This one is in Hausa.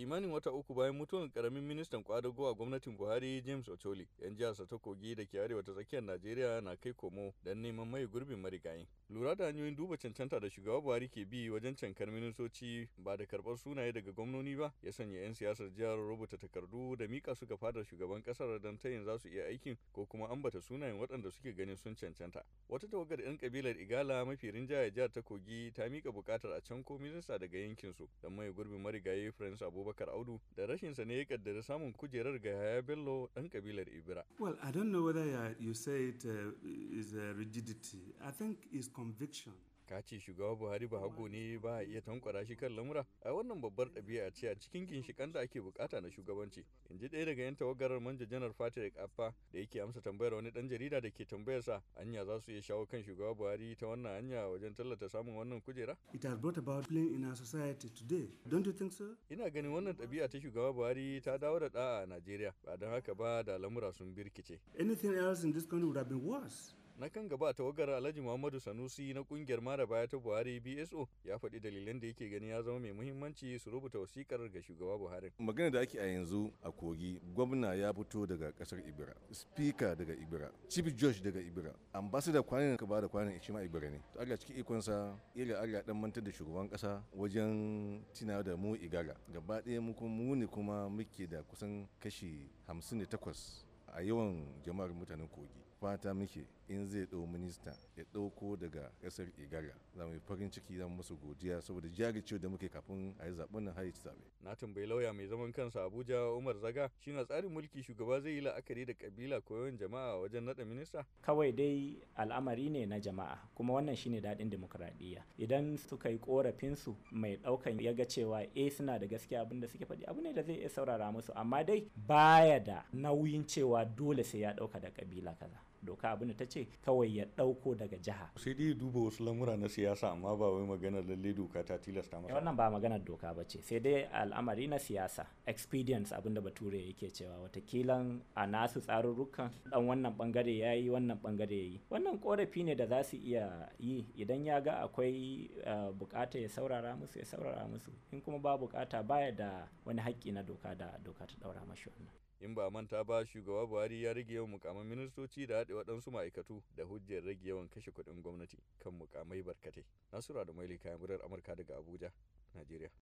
Kimanin wata uku bayan mutuwar karamin ministan kwadago a gwamnatin Buhari James Ocholi, 'yan jihar ta kogi da ke arewa ta tsakiyar Najeriya na kai komo don neman mai gurbin marigayi Lura da hanyoyin duba cancanta da shugaba Buhari ke bi wajen cankar ministoci ba da karɓar sunaye daga gwamnoni ba ya sanya 'yan siyasar jihar rubuta takardu da mika su ga fadar shugaban kasar don tayin za su iya aikin ko kuma ambata sunayen waɗanda suke ganin sun cancanta. Wata tawagar 'yan kabilar Igala mafi rinjaya jihar ta kogi ta mika bukatar a canko ko minista daga yankinsu don mai gurbin marigayi Prince Abubakar Abubakar Audu da rashinsa ne ya kaddara samun kujerar ga Yaya Bello ɗan kabilar Ibira. Well, I don't know whether you say it uh, is a rigidity. I think is conviction. ka ce shugaba buhari ba hago ne ba a iya tankwara shi kan lamura a wannan babbar ɗabi'a ce a cikin ginshiƙan da ake bukata na shugabanci in ji ɗaya daga yan tawagarar manja janar patrick affa da yake amsa tambayar wani ɗan jarida da ke sa anya za su iya shawo kan shugaba buhari ta wannan hanya wajen tallata samun wannan kujera it has brought about in our society today don't you think so ina ganin wannan ɗabi'a ta shugaba buhari ta dawo da ɗa'a a najeriya ba don haka ba da lamura sun birkice anything else in this country would have been worse na kan gaba a tawagar alhaji muhammadu sanusi na kungiyar mara baya ta buhari bso ya faɗi dalilan da yake gani ya zama mai muhimmanci su rubuta wasikar ga shugaba buhari magana da ake a yanzu a kogi gwamna ya fito daga kasar ibira spika daga ibira chief george daga ibira ambassador kwanan ka da kwanan ishima ibira ne to allah cikin ikonsa iri allah dan mantar da shugaban kasa wajen tina da mu igara gaba ɗaya mu kuma mu ne kuma muke da kusan kashi hamsin da takwas a yawan jama'ar mutanen kogi fata muke in zai ɗau minista ya ɗauko daga ƙasar igala za mu yi farin ciki za mu musu godiya saboda jaricewa da muke kafin a yi zaɓen nan har yi na tambayi lauya mai zaman kansa abuja umar zaga shi na tsarin mulki shugaba zai yi la'akari da kabila ko yawan jama'a wajen naɗa minista. kawai dai al'amari ne na jama'a kuma wannan shine daɗin demokuraɗiyya idan suka yi korafinsu mai ɗaukan ya ga cewa e suna da gaskiya abin da suke faɗi abu ne da zai iya saurara musu amma dai baya da nauyin cewa dole sai ya ɗauka da kabila kaza. doka abin da ta ce kawai ya ɗauko daga jiha sai dai duba wasu lamura na siyasa amma ba wai magana lalle doka ta tilasta masa wannan ba maganar doka ba ce sai dai al'amari na siyasa expedience abin da bature yake cewa watakilan a nasu tsarurrukan dan wannan bangare ya yi wannan bangare ya yi wannan korafi ne da za su iya yi idan ya ga akwai eh, bukata ya saurara musu ya saurara musu in kuma ba bukata baya da wani haƙƙi na doka da doka ta daura mashi wannan in ba manta ba shugaba buhari ya rage yawan mukamman ministoci da haɗe waɗansu ma'aikatu da hujjar rage yawan kashe kuɗin gwamnati kan mukamai barkatai nasura da maili kayan murar amurka daga abuja najeriya